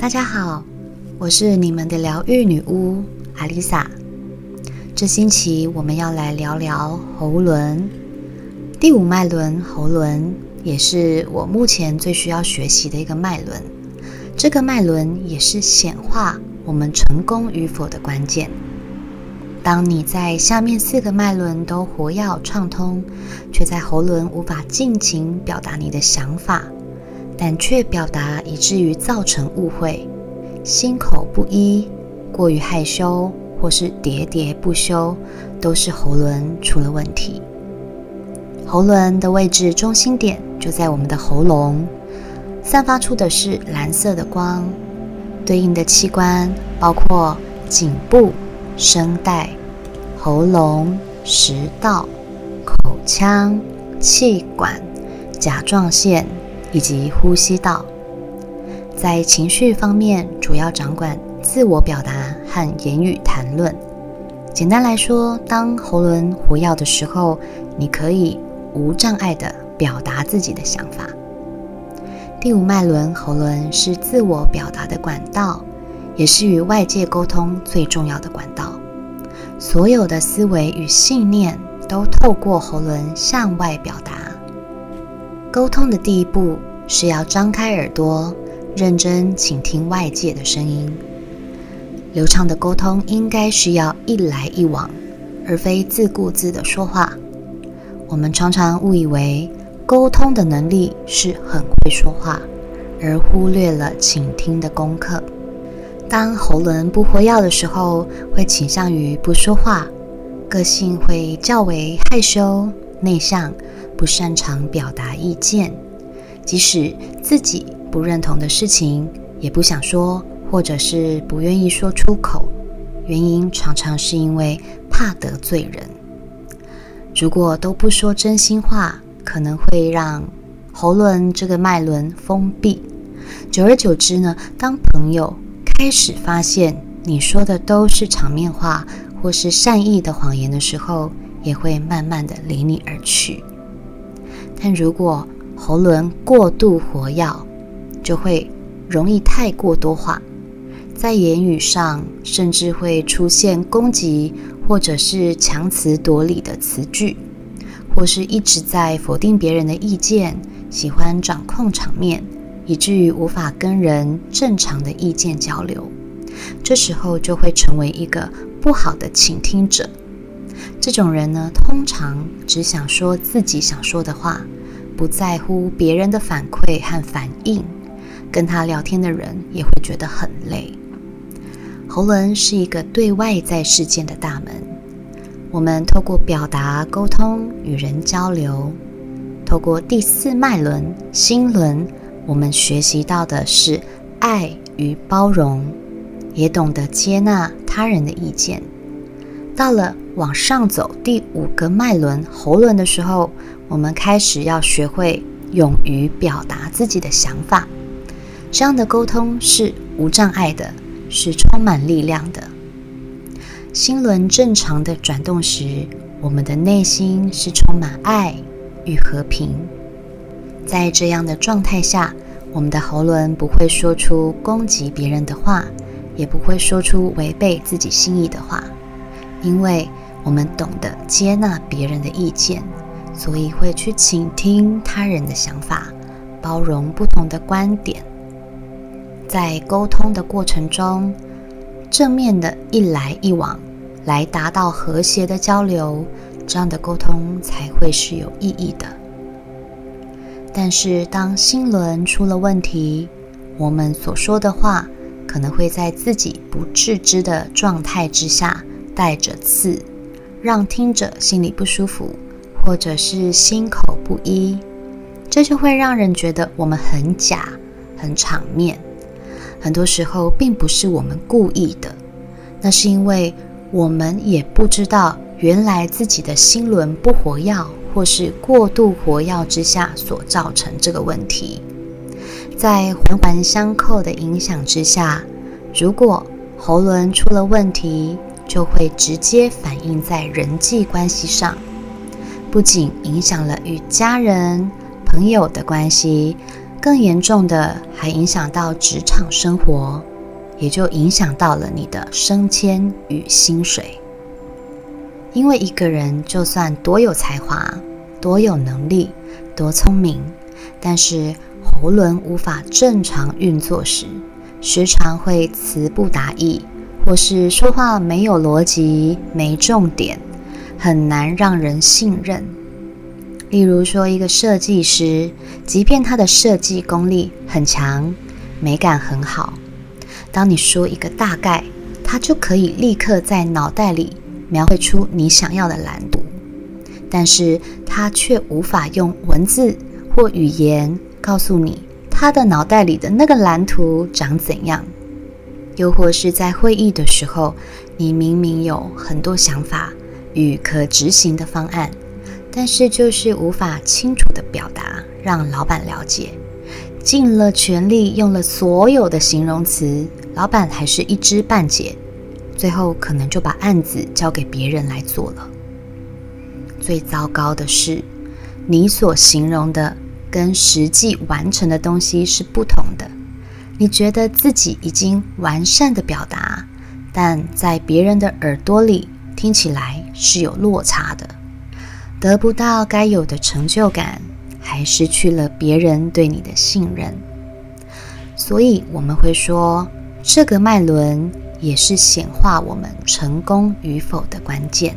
大家好，我是你們的療癒女巫阿麗薩。這星期我們要來聊聊喉輪，第五脈輪，喉輪也是我目前最需要學習的一個脈輪。這個脈輪也是顯化我們成功與否的關鍵。當你在下面四個脈輪都活躍暢通，卻在喉輪無法盡情表達你的想法。膽怯表達以至於造成誤會，心口不一，過於害羞或是喋喋不休，都是喉輪出了問題。喉輪的位置中心點就在我們的喉嚨，散發出的是藍色的光，對應的器官包括頸部、聲帶、喉嚨、食道、口腔、氣管、甲狀腺。以及呼吸道，在情緒方面主要掌管自我表達和言語談論。簡單來說，當喉輪活躍的時候，你可以無障礙地表達自己的想法。第五脈輪喉輪是自我表達的管道，也是與外界溝通最重要的管道。所有的思維與信念都透過喉輪向外表達。溝通的第一步是要張開耳朵，認真傾聽外界的聲音。流暢的溝通應該是要一來一往，而非自顧自的說話。我們常常誤以為溝通的能力是很會說話，而忽略了傾聽的功課。當喉輪不活躍的時候，會傾向於不說話，個性會較為害羞、內向。不擅長表達意見，即使自己不認同的事情，也不想說，或者是不願意說出口。原因常常是因為怕得罪人。如果都不說真心話，可能會讓喉輪這個脈輪封閉。久而久之呢，當朋友開始發現你說的都是場面話或是善意的謊言的時候，也會慢慢的離你而去。但如果喉輪過度活躍，就會容易太過多話，在言語上甚至會出現攻擊或者是強詞奪理的詞句，或是一直在否定別人的意見，喜歡掌控場面，以至於無法跟人正常的意見交流，這時候就會成為一個不好的傾聽者。這種人呢，通常只想說自己想說的話，不在乎別人的反饋和反應。跟他聊天的人也會覺得很累。喉輪是一個對外在世界的大門。我們透過表達、溝通、與人交流，透過第四脈輪心輪，我們學習到的是愛與包容，也懂得接納他人的意見。到了。往上走第五個脈輪喉輪的時候，我們開始要學會勇於表達自己的想法。這樣的溝通是無障礙的，是充滿力量的。心輪正常的轉動時，我們的內心是充滿愛與和平。在這樣的狀態下，我們的喉輪不會說出攻擊別人的話，也不會說出違背自己心意的話，因為。我們懂得接納別人的意見，所以會去傾聽他人的想法，包容不同的觀點。在溝通的過程中，正面的一來一往，來達到和諧的交流，這樣的溝通才會是有意義的。但是，當喉輪出了問題，我們所說的話可能會在自己不自知的狀態之下帶着刺。讓聽者心裡不舒服，或者是心口不一，這就會讓人覺得我們很假、很場面。很多時候並不是我們故意的，那是因為我們也不知道原來自己的心輪不活躍或是過度活躍之下所造成這個問題，在環環相扣的影響之下，如果喉輪出了問題。就會直接反映在人際關係上，不僅影響了與家人、朋友的關係，更嚴重的還影響到職場生活，也就影響到了你的升遷與薪水。因為一個人就算多有才華、多有能力、多聰明，但是喉輪無法正常運作時，時常會詞不達意。或是說話沒有邏輯、沒重點，很難讓人信任。例如說，一個設計師，即便他的設計功力很強、美感很好，當你說一個大概，他就可以立刻在腦袋裡描繪出你想要的藍圖，但是他卻無法用文字或語言告訴你他的腦袋裡的那個藍圖長怎樣。又或是，在會議的時候，你明明有很多想法與可執行的方案，但是就是無法清楚地表達，讓老闆了解。盡了全力，用了所有的形容詞，老闆還是一知半解，最後可能就把案子交給別人來做了。最糟糕的是，你所形容的跟實際完成的東西是不同的。你覺得自己已經完善的表達，但在別人的耳朵裡聽起來是有落差的，得不到該有的成就感，還失去了別人對你的信任。所以我們會說，這個脈輪也是顯化我們成功與否的關鍵，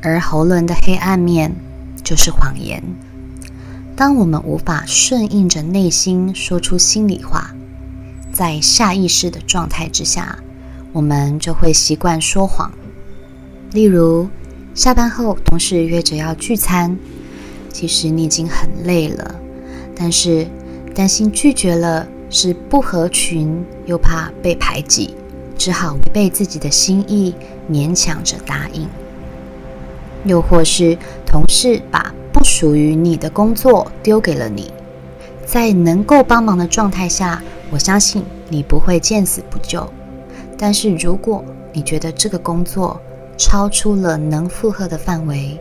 而喉輪的黑暗面就是謊言。當我們無法順應着內心說出心裡話，在下意識的狀態之下，我們就會習慣說謊。例如，下班後同事約着要聚餐，其實你已經很累了，但是擔心拒絕了是不合群，又怕被排擠，只好違背自己的心意，勉強着答應。又或是同事把不屬於你的工作丟給了你，在能夠幫忙的狀態下，我相信你不會見死不救。但是如果你覺得這個工作超出了能負荷的範圍，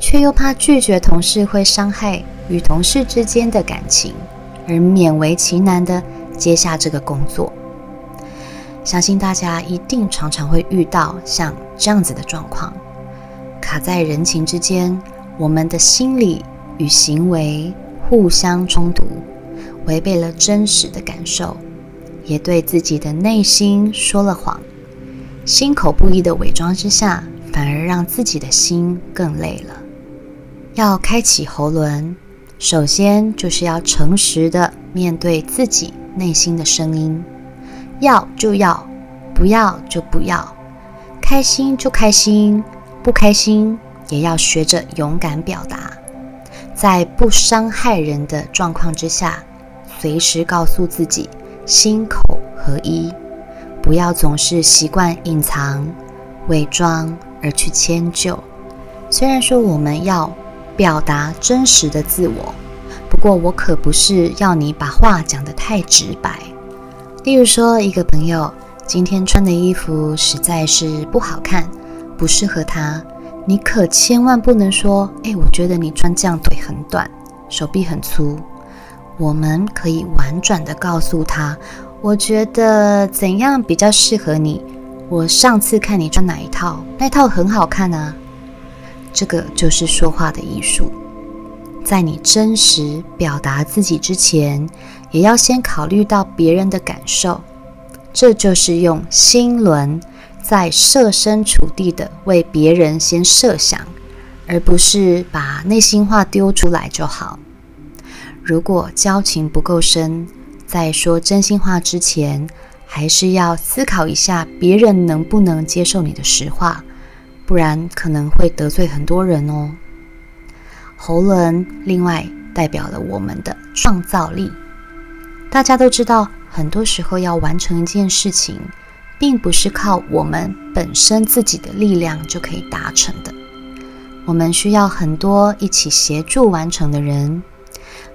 卻又怕拒絕同事會傷害與同事之間的感情，而勉為其難地接下這個工作，相信大家一定常常會遇到像這樣子的狀況，卡在人情之間。我們的心理與行為互相衝突，違背了真實的感受，也對自己的內心說了謊。心口不一的偽裝之下，反而讓自己的心更累了。要開啟喉輪，首先就是要誠實的面對自己內心的聲音，要就要，不要就不要，開心就開心，不開心，也要學着勇敢表達，在不傷害人的狀況之下，隨時告訴自己心口合一，不要總是習慣隱藏、偽裝而去遷就。雖然說我們要表達真實的自我，不過我可不是要你把話講得太直白。例如說，一個朋友今天穿的衣服實在是不好看，不適合他。你可千萬不能說，哎，我覺得你穿這樣腿很短，手臂很粗。我們可以婉轉地告訴他，我覺得怎樣比較適合你。我上次看你穿哪一套，那套很好看啊。這個就是說話的藝術，在你真實表達自己之前，也要先考慮到別人的感受，這就是用心輪。在設身處地的為別人先設想，而不是把內心話丟出來就好。如果交情不夠深，在說真心話之前，還是要思考一下別人能不能接受你的實話，不然可能會得罪很多人哦。喉輪另外代表了我們的創造力。大家都知道，很多時候要完成一件事情，並不是靠我們本身自己的力量就可以達成的，我們需要很多一起協助完成的人。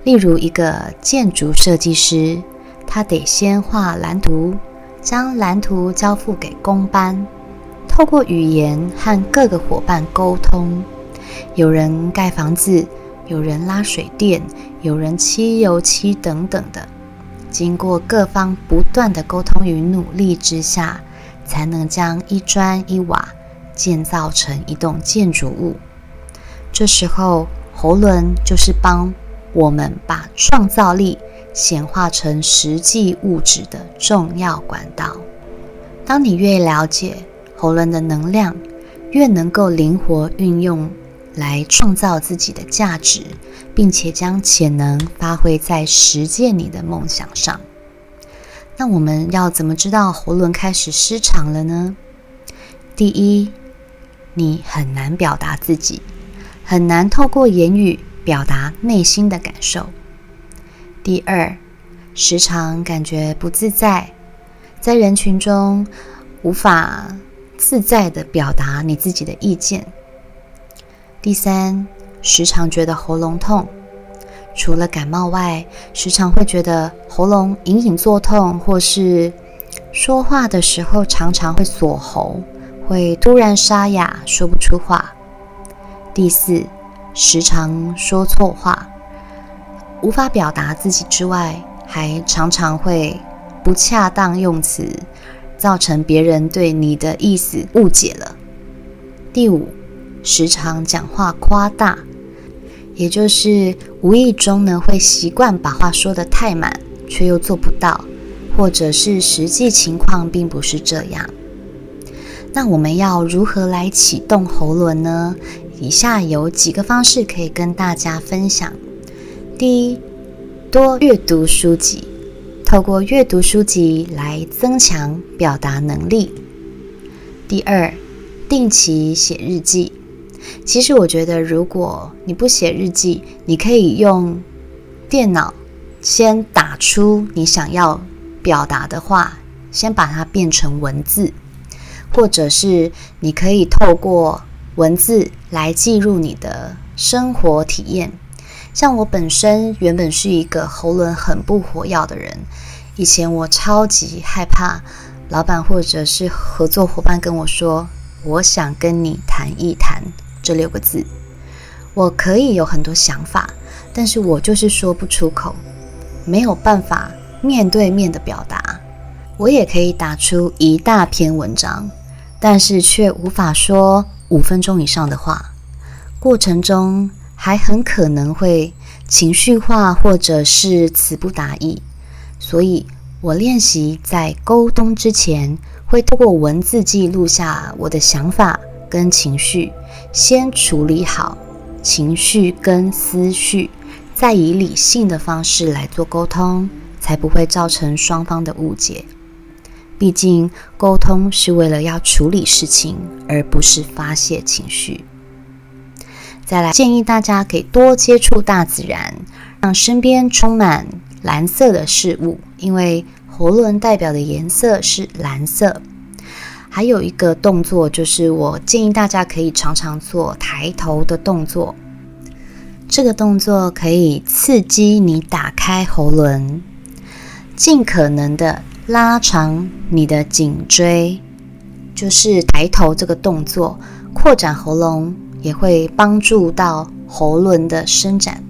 例如，一個建築設計師，他得先畫藍圖，將藍圖交付給工班，透過語言和各個夥伴溝通。有人蓋房子，有人拉水電，有人漆油漆等等的。經過各方不斷的溝通與努力之下，才能將一磚一瓦建造成一棟建築物。這時候，喉輪就是幫我們把創造力顯化成實際物質的重要管道。當你越了解喉輪的能量，越能夠靈活運用。來創造自己的價值，並且將潛能發揮在實踐你的夢想上。那我們要怎麼知道喉輪開始失常了呢？第一，你很難表達自己，很難透過言語表達內心的感受。第二，時常感覺不自在，在人群中無法自在地表達你自己的意見。第三，時常覺得喉嚨痛，除了感冒外，時常會覺得喉嚨隱隱作痛，或是說話的時候常常會鎖喉，會突然沙啞，說不出話。第四，時常說錯話，無法表達自己之外，還常常會不恰當用詞，造成別人對你的意思誤解了。第五，時常講話誇大，也就是無意中呢，會習慣把話說得太滿，卻又做不到，或者是實際情況並不是這樣。那我們要如何來啟動喉輪呢？以下有幾個方式可以跟大家分享：第一，多閱讀書籍，透過閱讀書籍來增強表達能力；第二，定期寫日記。其實我覺得，如果你不寫日記，你可以用電腦先打出你想要表達的話，先把它變成文字，或者是你可以透過文字來記錄你的生活體驗。像我本身原本是一個喉輪很不活躍的人，以前我超級害怕老板或者是合作伙伴跟我說：“我想跟你談一談。”這六個字，我可以有很多想法，但是我就是說不出口，沒有辦法面對面的表達。我也可以打出一大篇文章，但是卻無法說五分鐘以上的話，過程中還很可能會情緒化或者是詞不達意。所以，我練習在溝通之前，會透過文字記錄下我的想法跟情緒。先處理好情緒跟思緒，再以理性的方式來做溝通，才不會造成雙方的誤解。畢竟，溝通是為了要處理事情，而不是發洩情緒。再來，建議大家可以多接觸大自然，讓身邊充滿藍色的事物，因為喉輪代表的顏色是藍色。還有一個動作，就是我建議大家可以常常做抬頭的動作。這個動作可以刺激你打開喉輪，盡可能的拉長你的頸椎。就是抬頭這個動作，擴展喉嚨也會幫助到喉輪的伸展。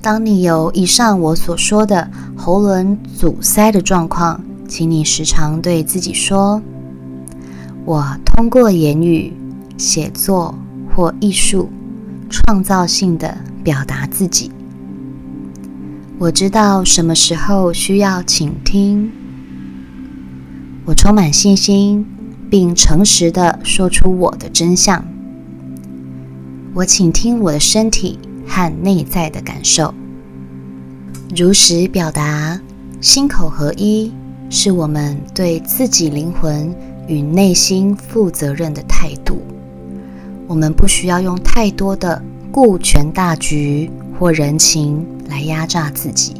當你有以上我所說的喉輪阻塞的狀況，請你時常對自己說。我通過言語、寫作或藝術，創造性的表達自己。我知道什麼時候需要傾聽。我充滿信心，並誠實的說出我的真相。我傾聽我的身體和內在的感受，如實表達，心口合一，是我們對自己靈魂，與內心負責任的態度，我們不需要用太多的顧全大局或人情來壓榨自己。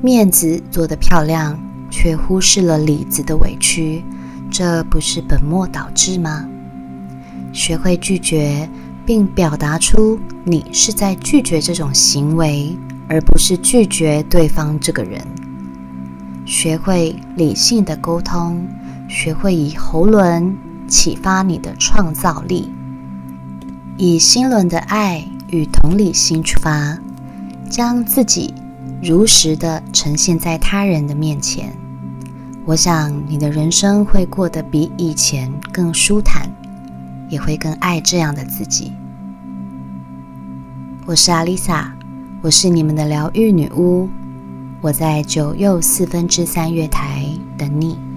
面子做得漂亮，卻忽視了裡子的委屈，這不是本末倒置嗎？學會拒絕，並表達出你是在拒絕這種行為，而不是拒絕對方這個人。學會理性的溝通。學會以喉輪啟發你的創造力，以心輪的愛與同理心出發，將自己如實的呈現在他人的面前。我想你的人生會過得比以前更舒坦，也會更愛這樣的自己。我是阿麗薩，我是你們的療癒女巫，我在九又四分之三月台等你。